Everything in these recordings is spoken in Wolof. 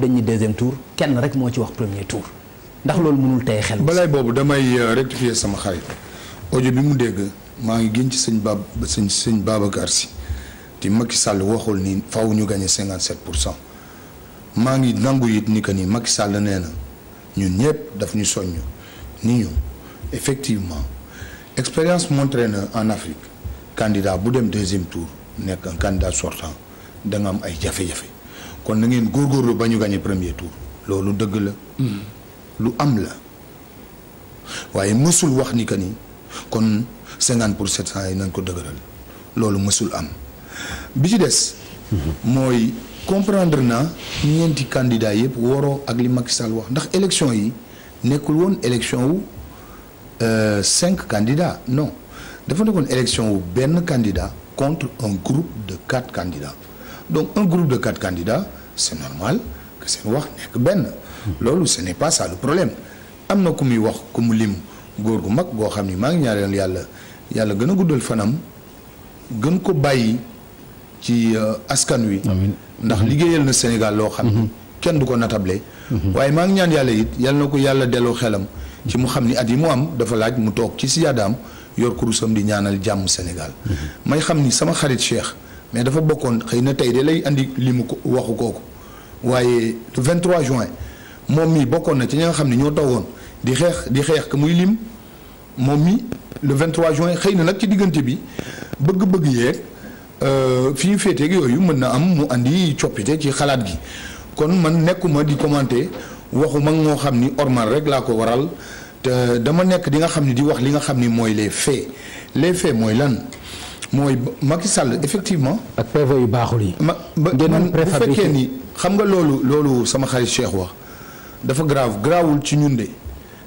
yëpp dañuy deuxième tour kenn rek moo ci wax premier tour ndax loolu mënul tey xel. balay boobu damay euh, rectifier sama xarit ojo bi mu dégg maa ngi génn ci sëñ Bab sëñ sëñ Babacar si te Macky Sall waxul ni faaw ñu gagné 57 pour cent maa ngi nangu it ni que ni Macky sàll nee na ñun ñëpp daf ñu soññ ni ñu effectivement expérience montré na en Afrique candidat bu dem deuxième tour nekk un candidat sortant da am ay jafe-jafe. kon na ngeen góor ba ñu gagné premier tour loolu dëgg la. Hmm. lu am la waaye mësul wax ni que ni kon cinquante pour sept cent yi nañ ko dëgëral loolu mësul am bi ci des. Hmm. mooy comprendre na ñeenti candidat yëpp waroo ak li Macky Sall wax ndax élection yi nekkul woon élection wu euh, cinq candidats non dafa nekkoon élection wu benn candidat contre un groupe de quatre candidats donc un groupe de quatre candidats. c'est normal que seen wax nekk benn. loolu ce n'est pas problème am na ku muy wax ku mu lim góor gu mag goo xam ni maa ngi ñaareel yàlla yàlla gën a guddal fanam gën ko bàyyi ci euh, askan wi. ndax liggéeyal na Sénégal loo xam ni kenn du ko natable. waaye maa ngi ñaan yàlla it yal na ko yàlla delloo xelam. ci mu xam ni at yi mu am dafa laaj mu toog ci si siyaadaam yor kurusam di ñaanal jàmm senegal may xam ni sama xarit Cheikh. mais dafa bokkoon xëy na tey de lay andi li mu ko waxu kooku waaye le 23 juin moom mii bokkoon na ci ñi nga xam ne ñoo toogoon di xeex di xeex que muy lim moom mi le 23 juin xëy na nag ci diggante bi bëgg-bëgg yeeg euh, fi ñu féeteeg yooyu mën na am mu andi coppite ci xalaat gi kon man nekkuma di commenter waxu mag moo xam ni ormal rek laa ko waral te dama nekk di nga xam ni di wax li nga xam ni mooy les faits les fee mooy lan. mooy Macky Sall effectivement. ak PV yu baaxul yi. ma ba man bu fekkee ni xam nga loolu loolu sama xarit Cheikh wa dafa graaw grawul ci ñun de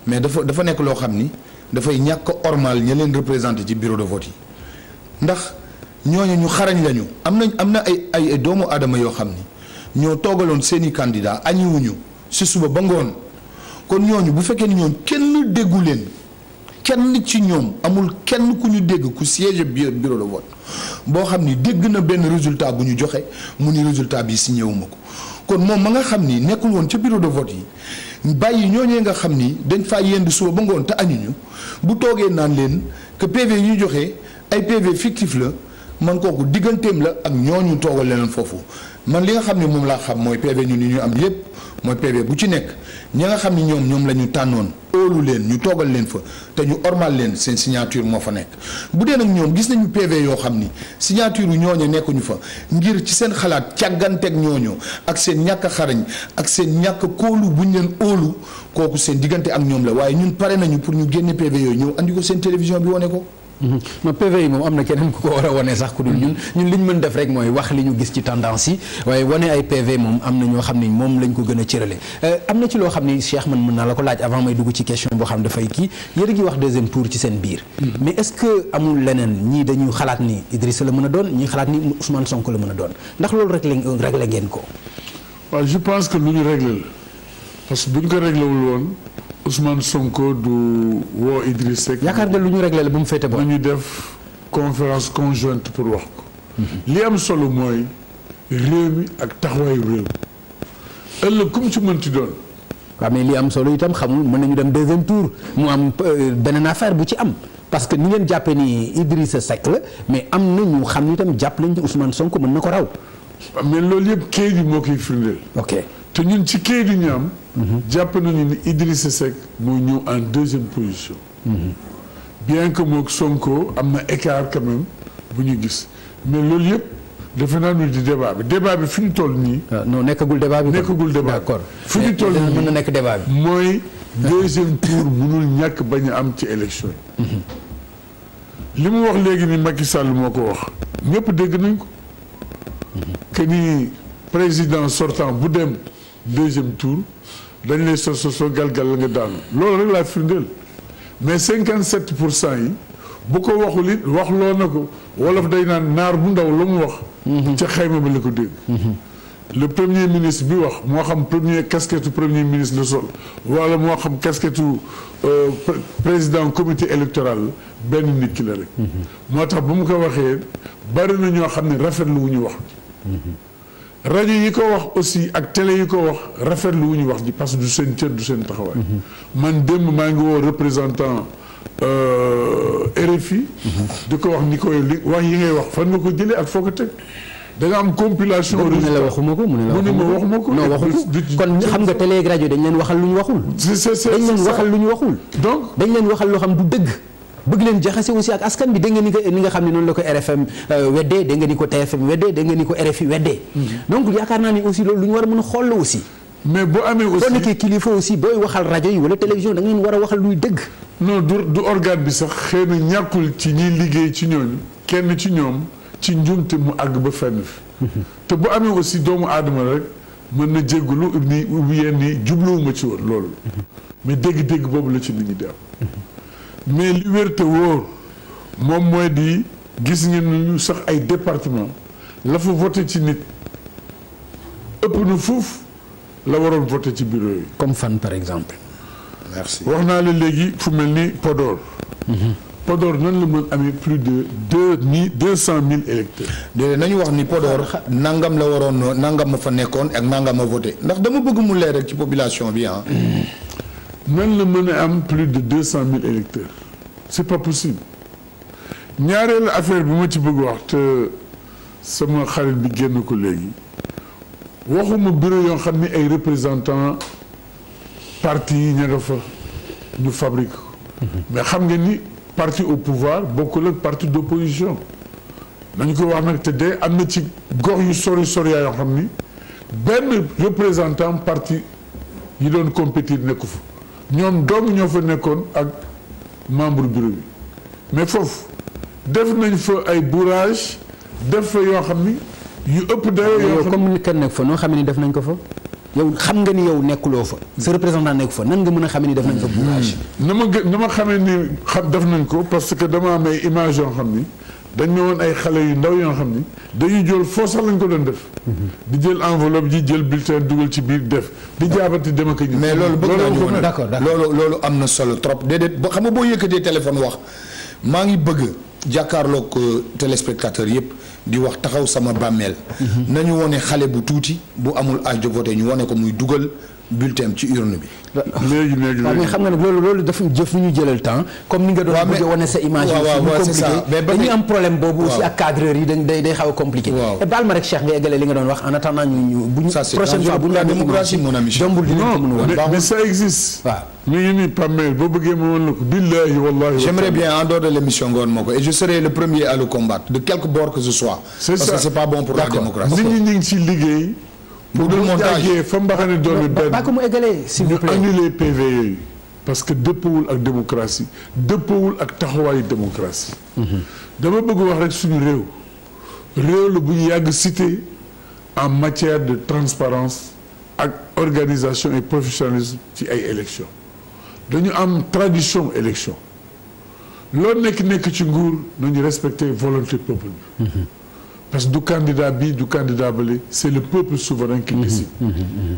mais dafa dafa nekk loo xam ni dafay ñàkk ormal ña leen représenté ci bureau de vote yi ndax ñooñu ñu xarañ lañu am nañ am na ay ay doomu aadama yoo xam ni ñoo toogaloon seen i candidat añiwuñu si suba ba ngoon kon ñooñu bu fekkee ni ñoom kenn déggu leen. kenn ci ñoom amul kenn ku ñu dégg ku siège bi bureau de vote boo xam ni dégg na benn résultat bu ñu joxe mu ni résultat bi si wu ma ko kon moom ma nga xam ni nekkul woon ca bureau de vote yi bàyyi ñooñee nga xam ni dañ faa yendu suba ba ngoon te ñu bu toogee naan leen que PV yi ñu joxe ay PV fictif la man kooku digganteem la ak ñoo ñooñu toogal leneen foofu man li nga xam ne moom laa xam mooy PV ñu ni ñu am yépp mooy PV bu ci nekk ñi nga xam ni ñoom ñoom la ñu tànnoon. óolu leen ñu toogal leen fa te ñu ormal leen seen signature moo fa nekk bu dee nag ñoom gis nañu PV yoo xam ni signature yu ñooñu nekkuñu fa ngir ci seen xalaat càgganteeg ñooñu ak seen ñàkk xarañ ak seen ñàkk kóolu ñu leen óolu kooku seen diggante ak ñoom la waaye ñun pare nañu pour ñu génne PV yooyu ñëw indi ko seen télévision bi wane ko. Mhm. ma PV yi moom am na keneen ku ko war a wane sax ku dul ñun mhm. ñun li ñu mën def rek mooy wax li ñu gis ci tendance yi waaye wane ay PV moom am na ñoo xam ni moom lañ ko gën a cërale euh, am na ci loo xam ne Cheikh man mën naa la ko laaj avant may dugg ci question boo xam dafay kii yéen a ngi wax deuxième tour ci seen biir mhm. mais est-ce que amul leneen ñii dañuy xalaat ni Idrissa la mën a doon ñii xalaat ni Ousmane Sonko la mën a doon ndax loolu rek lañ réglé ngeen ko waaw je pense que lu ñu réglé la parce que bu ñu ko Ousmane Sonko du woo Idriss Seck. yaakaar nga lu ñu réglé la ba mu fete ba. nañu def conférence conjointe pour wax ko. li am solo mooy réew mi ak taxawaayu réew mi ëllëg ku mu ci mënti doon. waaw mais li am solo itam xamul mën nañu dem deuxième tour mu am euh, beneen affaire bu ci am parce que ni ngeen jàppee ni Idrissa Seck la mais am na ñu xam ni itam jàpp nañ ne Ousmane Sonko mën na ko raw. mais loolu yëpp kayit yi moo koy firndeel. te ñun ci kayit yi ñu am. jàpp nañu ni Idrissa Seck moo ñëw en deuxième position. bien que moog Sonko am na écart quand bu ñu gis mais loolu yëpp defe naa nu di débat bi débat bi fi ñu toll nii. Ah, non nekkagul débat bi. nekkagul débat d'accord fi ñu toll nii nekk débat mooy deuxième tour mënul ñàkk bañ a am ci élection yi. li mu wax léegi ni Macky Sall moo ko wax. ñëpp dégg nañ ko. que ni président sortant bu dem. deuxième tour dañ lay so so galgal la nga daanu loolu rek laa firndeel mais 57 pour cent yi bu ko waxul it wax loo na ko wolof day naan naar bu ndaw lu mu wax. Mhm. ca xayma ba la ko dégg. Mhm. le premier ministre bi wax moo xam premier casquette premier ministre la sol wala moo xam casquette euh, président comité électoral la benn nit ki la rek. Mhm. moo tax bu mu ko waxee bari na ñoo xam ne rafetlu wu ñu wax. rajo yi ko wax aussi ak tele yi ko wax rafetlu wu ñu wax ji parce que du seen cër du seen taxawaay. man démb maa ngi woo représentant euh, RFI. di ko wax ni koy li wax yi ngay wax fan nga ko jëlee ak foo ko teg. da nga am compilation. mu ne la waxuma ko mu ne la waxuma ko non waxul kon xam nga télé ak rajo dañ leen waxal lu ñu waxul. c'est c'est dañ leen waxal lu waxul. donc dañ leen waxal loo xam du dëgg. bëgg leen jaxase aussi ak askan bi dégg nga ni ko ni nga xam ne noonu la ko RFM euh, weddee dégg nga ni ko TFM weddee dégg ni ko RFI weddee mm-hmm. donc yaakaar naa ni aussi loolu lu ñu war a mën a xool la mais boo amee aussi boo nekkee kilifa aussi booy waxal rajo yi wala télévision da nga leen war a waxal luy dëgg non du du bi sax xëy na ñàkkul ci ñiy liggéey ci ñooñu kenn ci ñoom ci njuumte mu àgg ba fenn fi mm-hmm. te bu amee aussi doomu aadama rek mën na jéggulu ni yenn ni jubluwuma ci woon loolu mm-hmm. mais dégg-dégg boobu la ci nit ñi di mais li wóor moom mooy di gis ngeen ñu sax ay département la fa vote ci nit ëpp na fuuf la waroon voté ci bureau yi. comme fan par exemple. merci wax naa la léegi fu mel ni podoor mhm. Podor nan la mën amee plus de deux mille deux cent mille de déedéet nañu wax ni Podor nangam la waroon nangam ma fa nekkoon ak nangam ma voté ndax dama bëgg mu leer rek ci population bi ah. Mhm. nan la mën a am plus de deux cent mille électeurs c'est pas possible ñaareelu affaire bi ma ci bëgg wax te sama xarit bi génn ko léegi waxuma bureau yoo xam ni ay représentants parti yi ña nga fa ñu fabrique mais xam nga ni parti au pouvoir bokkul ak parti d'opposition nañ ko wax nag te de am na ci gox yu sori soriyaa yoo xam ni benn représentant parti yi doon compétir nekku fa ñoom doomu ñoo fa nekkoon ak membre bureau bi mais foofu def nañ fa ay bourrage def fa yoo xam ni yu ëpp dayoo yoo comme ni kenn nekk fa noo xam ni def nañ ko fa yow xam nga ni yow nekkuloo fa sa représentant nekk fa nan nga mun a xamee ni def nañ ko bourrage hmm. na ma gë ma xamee ni xam def nañ ko parce que dama am ay image yoo xam ni dañ ne ay xale yu ndaw yoo xam ni dañuy jël foo sax lañ ko doon def. di jël enveloppe ji jël bulletin dugal ci biir def di jaabati dem ak ñu. mais loolu bëgg naa ñu woon d'accord loolu loolu am na solo trop déedéet ba xam nga boo yëkkatee téléphone wax maa ngi bëgg jàkkaarloog euh, téléspectateur yëpp di wax taxaw sama bàmmeel. Mhm. nañu wone xale bu tuuti bu amul âge de ñu wone ko muy dugal. bulletin ci urne bi. léegi léegi léegi mais xam nga ne loolu loolu dafa jëf ñu jëlal temps comme ni nga doon bëgg a sa image. waaw waaw c'est ça baal ma rek Cheikh nga eggale li nga doon wax en attendant ñu ñu. bu ñu prochaine bu ñu la démocratie mon ami jombul di ko mën a wan. mais ça existe. waaw mi nii Pamel boo bëggee ma la ko billahi wallahi. j'aimerais bien en dehors de l'émission nga wan ko et je serai le premier à le combattre de bu dul montage fa mbaxane doon benn ba ko mu égalee s'il vous plaît ñu annulé PV yooyu parce que dëppawul ak démocratie dëppawul ak taxawaayu démocratie mhm. dama bëgg wax rek suñu réew réew la bu ñu yàgg cité en matière de transparence ak organisation et professionnalisme ci ay élection dañu am tradition élection loo nekk nekk ci nguur nañu respecter volonté peuple parce que du candidat bii du candidat bële c'est le peuple souverain qui mhm, décide mhm, mhm.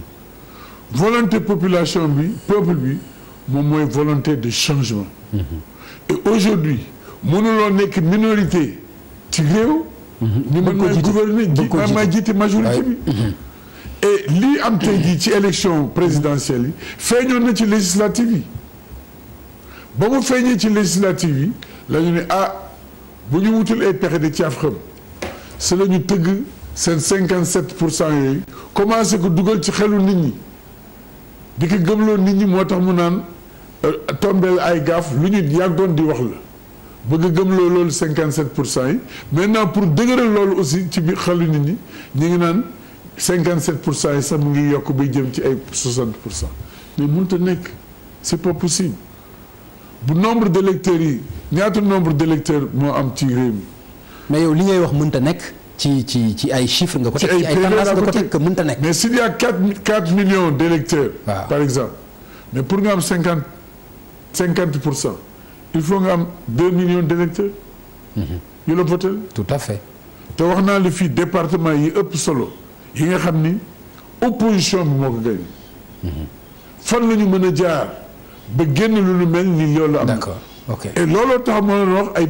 volonté population bi peuple bi moom mooy volonté de changement et aujourd'hui mënuloo nekk minorité ci réew ni man maay gouverner man maay jiite majorité bi et lii am tey jii ci élection présidentielle yi feeñoon na ci législative yi ba mu feeñee ci législative yi la ñu ne ah bu ñu wutul ay pexe de caaf xam si la ñu tëgg seen cinquante sept pour cent yooyu commencé ko dugal ci xelu nit ñi di ko gëmloo nit ñi moo tax mu naan euh, tombeel ay gaaf lu ñu yàggoon di wax la bëgg gëmloo loolu cinquante sept pour cent yi maintenant pour dëgëral loolu aussi ci biir xelu nit ñi ñu ngi naan cinquante sept pour cent yi sax mu ngi yokk bay jëm ci ay soixante pour cent mais mënta nekk c'est pas possible bu nombre d'électeurs yi ñaata nombre d'électeurs moo am ci réew mi mais yow li ngay wax mun ta nekk ci ci ci ay chiffres nga ko teg ci ay tendances nga nekk. mais s'il y a quatre quatre millions d'électeurs ah. par exemple mais pour nga am cinquante cinquante pour cent il faut nga am deux millions d'électeurs mhm. yu la voté tout à fait. te wax naa la fii département yi ëpp solo yi nga xam ni opposition bi moo ko gagné. Mhm. fan la ñu mën a jaar ba génn lu lu mel ni loolu am. d'accord ok et looloo tax moo wax ay.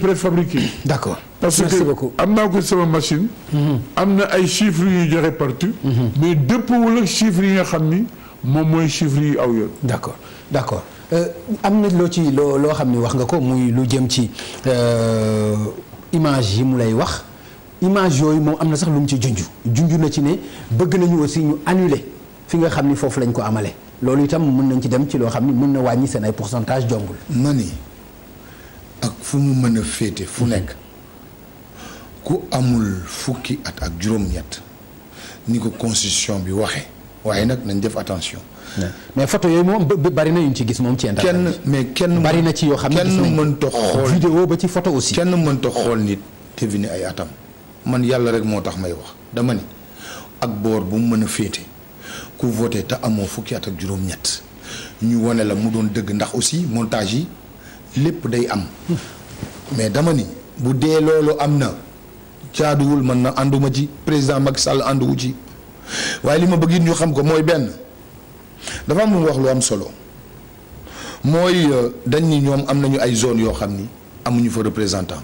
préfabriqué. d'accord parce Merci que beaucoup. am naa ko sama machine. Mhm. am na ay chiffres yu joxe partout. Mhm. mais dëppoo la chiffres yi nga xam ni moom mooy chiffres yi aw yoon. d'accord d'accord euh, am na loo ci loo loo xam ni wax nga ko muy lu jëm ci euh, image yi mu lay wax image yooyu moom am na sax lu mu ci junj junj na ci ne bëgg nañu aussi ñu annuler fi nga xam ni foofu lañ ko amale loolu itam mun nañ ci dem ci loo xam ni mun na wàññi seen ay pourcentage jombul. na ni. ak fu mu mën a féete fu mhm. nekk ku amul fukki at ak juróom-ñett ni ko constitution bi waxee waaye nag nañ def attention. mais photo yooyu moom bari na ñu ci gis moom ci internet. kenn mais kenn bari na ci yoo xam ne kenn mënta xool vidéo ba ci photo aussi. kenn mënta xool nit te vi ay atam man yàlla rek moo tax may wax dama ni ak boor bu mu mën a féete ku voté te amoo fukki at ak juróom-ñett ñu wane la mu doon dëgg ndax aussi montage yi. lépp day am mais dama ni bu dee loolu am na jaaduwul man na ànduma ci président Macky Sall ànduwu ci waaye li ma bëgg it ñu xam ko mooy benn dafa am wax lu am solo mooy euh, dañ ni ñoom am nañu ay zone yoo xam ni amuñu fa représentant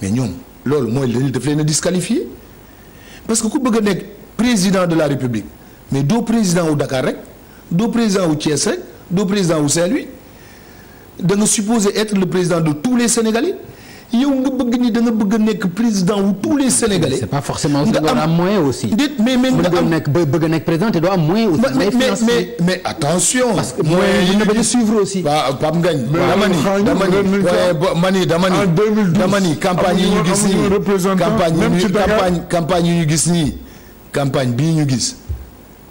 mais ñoom loolu mooy li daf leen a disqualifié parce que ku bëgg a nekk président de la république mais doo président wu Dakar rek doo président wu Thiès rek doo président wu saint wi da nga supposé être le président de tous les Sénégalais yow nga bëgg ni da bëgg nekk président wu tous les Sénégalais. c'est pas forcément nga am moyen aussi. mais mais nga am nekk bëgg a nekk président te doo am moyen aussi. mais mais mais attention. parce que nga bañ a suivre aussi. waaw Pape Ngagne. dama ni dama ni ma ni dama ni. en 2012 dama ni campagne yi ñu gis nii campagne même campagne campagne yi ñu gis nii campagne bii ñu gis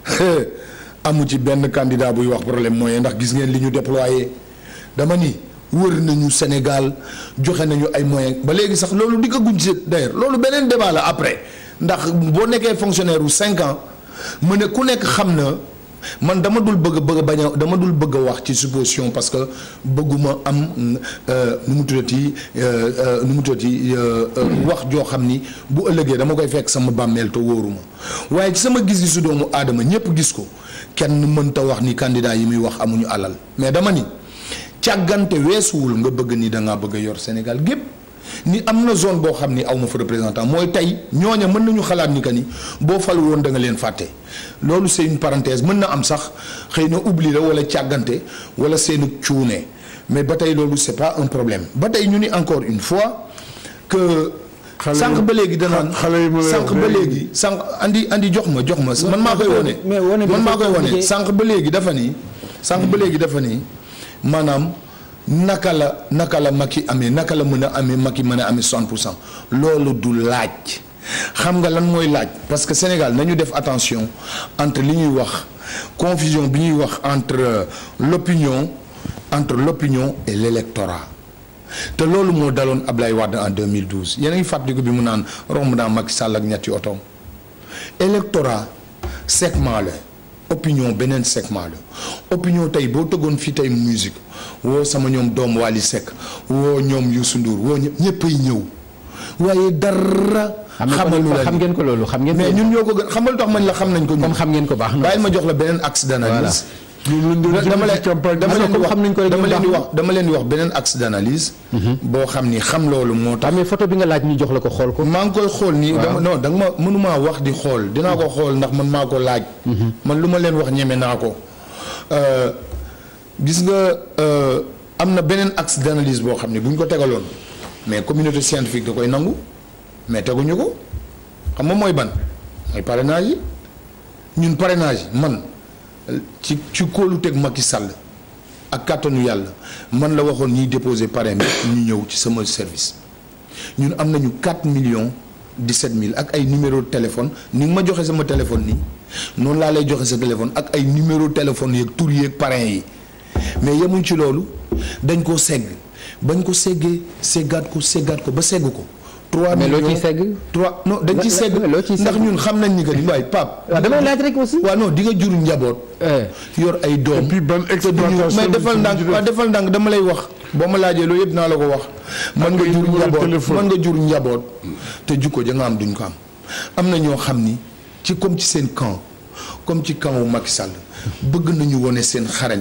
amu ci benn candidat buy wax problème moyen ndax gis ngeen li ñu déployé. dama ni wër nañu Sénégal joxe nañu ay moyen ba léegi sax loolu diggaguñ ci d'ailleurs loolu beneen débat après ndax boo nekkee fonctionnaire wu cinq ans mu ne ku nekk xam na man dama dul bëgg bëgg bañ a dama dul bëgg a wax ci supposition parce que bëgguma am euh, nu mu tuddati euh, euh, nu mu tuddati wax joo xam ni bu ëllëgee dama koy fekk sama bàmmeel te wóoruma waaye ci sama gis su doomu aadama ñëpp gis ko kenn mënta wax ni candidat yi muy wax amuñu alal mais dama ni. càggante weesuwul nga bëgg ni da bëgg a yor Sénégal gépp ni am na zone boo xam ni aw ma fa représentant mooy tey ñoo ñooña mën nañu xalaat ni que ni boo fal woon danga leen fàtte loolu seen une parenthèse mën na am sax xëy na oubli la wala càggante wala seenu cuune mais ba tey loolu c'est pas un problème ba tey ñu ni encore une fois que. sànq ba léegi danaan sànq ba léegi sànq andi indi jox ma jox ma man maa koy wone man maa koy wone sànq ba léegi dafa nii sànq ba léegi dafa nii maanaam naka la naka la Macky amee naka la mën a amee mag Macky mën a amee 60 pour cent loolu du laaj xam nga lan mooy laaj parce que Sénégal nañu def attention entre li ñuy wax confusion bi ñuy wax entre euh, l'opinion entre l'opinion et l'électorat te loolu moo daloon Ablaye Wade en 2012 yéen a ngi fàttaliku bi mu naan romb naa Macky sàll ak ñetti otoom électorat segment opinion beneen segment la opinion tey boo tëggoon fii tey musique woo sama ñoom doom Wally Seck woo ñoom Youssou Ndour woo ñëpp ñëppay ñëw waaye dara. xamalu la xam ngeen ko loolu xam ngeen. mais ñun ñoo ko gën xamal tax man la xam nañ ko. moom xam ngeen ko baax na bàyyi ma jox la beneen axe d'analyse dama leen di wax dama leen di wax beneen axe mhm. boo xam ni xam loolu moo tax ah, mais photo bi nga laaj ñu jox la ko xool ko maa ngi koy xool nii dama non da nga ma mënumaa wax di xool dinaa ko xool ndax man maa ko laaj mhm. man lu ma leen wax ñeme naa ko euh, gis nga euh, am na beneen axe boo xam ne bu ñu ko tegaloon mais communauté scientifique da koy nangu mais teguñu ko xam nga mooy ban mooy parrainage yi ñun parrainage man ci ci kóoluteg Macky Sall ak kàttanu yàlla man la waxoon ñuy déposé parrain bi ñu ñëw ci sama service ñun am nañu 4 millions 17 mille ak ay numéro téléphone ni nga ma joxe sama téléphone nii noonu laa lay joxe sa téléphone ak ay numéro téléphone yeeg tur yeeg parrain yi mais yemuñ ci loolu dañ koo segg bañ ko seggee seggaat ko seggaat ko ba segg ko 3 millions mais loo ciy segg. 3 non dañ ciy segg ndax ñun xam nañ ni que ni waaye Pape. waaw ah, damay laaj rek aussi. waaw non nga jur njaboot. Eh. yor ay doom. et puis ban exploitation mais defal ndànk waaw defal ndànk dama lay wax. boo ma laajee loolu yëpp naa la ko wax. mën nga jur njaboot mën nga njaboot. te jukko ja nga am duñ ko am. am na ñoo xam ni ci comme ci seen camp comme ci camp wu Macky Sall bëgg nañu wone seen xarañ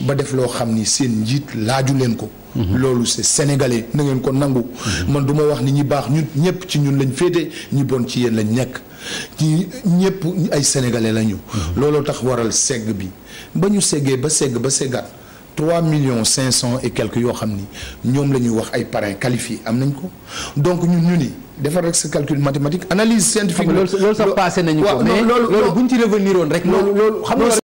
ba def loo xam ni seen njiit laaju leen ko. Mm-hmm. loolu c'est sénégalais na ngeen ko nangu. Mm-hmm. man du ma wax ni ñi baax ñu ñëpp ci ñun lañ féete ñi bon ci yéen lañ nekk ci ñëpp ay sénégalais lañu. Mm-hmm. looloo tax waral segg bi ba ñu seggee ba segg ba seggaat. trois millions cinq cent et quelques yoo xam ni ñoom la ñuy wax ay parrains qualifiés am nañ ko donc ñu ñu ni defar rek sa calcul mathématique analyse scientifique. loolu sax passé nañu ko mais loolu bu ñu ci revenir woon rek. loolu loolu xam